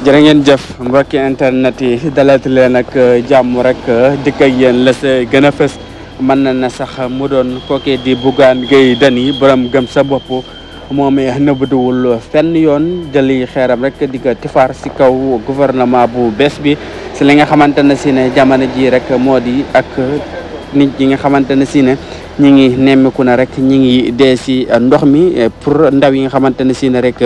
Jangan jeff, mbokki internet yi dalat leen ak jàmm rek dikk ak yéen la sa gën a di bukan gay dani, beram gam gëm sa bopp moom i nëbduwul fenn yoon jëli xeeram rek di ko tifaar si kaw gouvernement bu bees bi si li nga ak nit ñi nga xamante ñi ngi nemmeeku na rek ñi ngi dee si euh, ndox mi euh, pour ndaw yi nga xamante ne si ne rek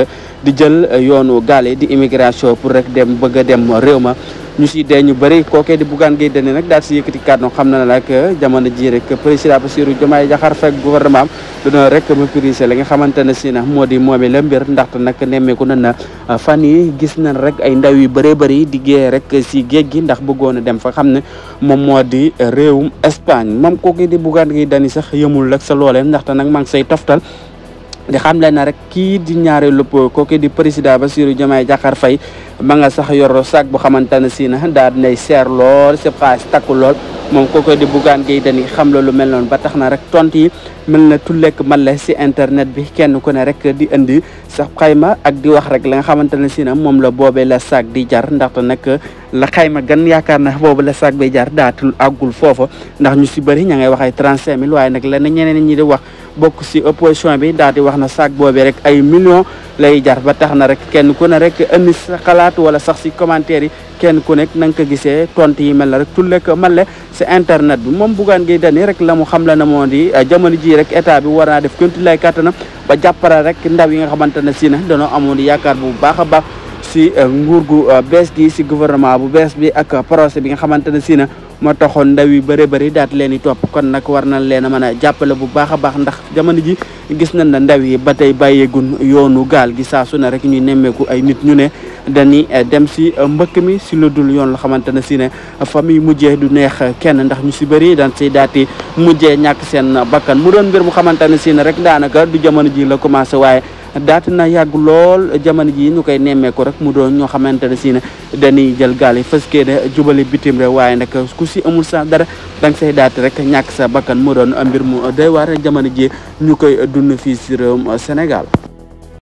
di jël euh, yoonu gaale di immigration pour rek dem bëgg a dem réew ma ñu siy dee ñu bëri kookee di Bougane Gueye Dany nag daal si yëkkati kàddu xam na nag euh, jamono ji rek président Bassirou Diomaye Diakhar Faye gouvernement am duna rek maîtriser la nga xamante ne si na moo di moomee la mbir ndaxte nag nemmeeku na na euh, fan yi gis nañ rek ay ndaw yu bëree bëri di géey rek si géej gi ndax bëggoon a dem fa xam ne moom moo di réewum Espagne moom kookee di Bougane Gueye Dany sax yëmul rek sa loolee ndaxte nag maa ngi say toftal di xam leen rek kii di ñaare lupp kooke di président basiru jamaay jaqar fay ma nga sax yor sàg bu xamantane si na daa nay seer lool sib xaalis takku lool moom kooke di bugaan gay dani xam la lu mel noonu ba tax rek tont yi mel na tullek malle si internet bi kenn ku ne rek di indi sax xayma ak di wax rek la nga xamantane si na moom la boobe la sàg di jar ndaxte nag la xayma gan yaakaar na boobu la sàg bi jar daatul àggul foofa ndax ñu si bëri ña ngay waxee 35 mille waaye ñeneen ñi di wax bokk si opposition bi daal di wax na saak boobi rek ay millions lay jar ba tax na rek kenn ku ne rek andi sa xalaat wala sax si commentaire yi kenn ku nekk na nga ko gisee tontu yi mel na rek tullek man le si internet bi mom buggaan gi dani rek la mu xam la na moo di eh, jamono ji rek état bi war naa def kentu lay kàttanam ba jàppara rek ndaw yi nga xamante ne si na danoo amoon yaakaar bu baax a baax si eh, nguur gu eh, bees gi si gouvernement bu bees bi ak projet bi nga xamante ne si na moo taxoon ndaw yu bëri bëri daat leen di topp kon nag war na leen a mën a jàppale bu baax a baax ndax jamono ji gis nañ na ndaw yi ba tey bàyyeegun yoonu gaal gi saa su ne rek ñuy nemmeeku ay nit ñu ne dañuy eh, dem si eh, mbëkk mi si lu dul yoon loo xamante ne si ne famille mujjee du neex kenn ndax ñu si bëri dañ si daati mujjee ñàkk seen bakkan mu doon mbir mu xamante ne si ne rek daanaka du jamono ji la commencé waaye daata na yàgg lool jamono jii ñu koy nemmeeku rek mu doon ñoo xamante ne si ne dañuy jël gaal yi fas kee jubali bitim réew waaye nag ku si amul sa dara danga say daat rek ñàkk sa bakkan mu doon mbir mu doy waar jamono jii ñu koy dund fii si réewum Sénégal.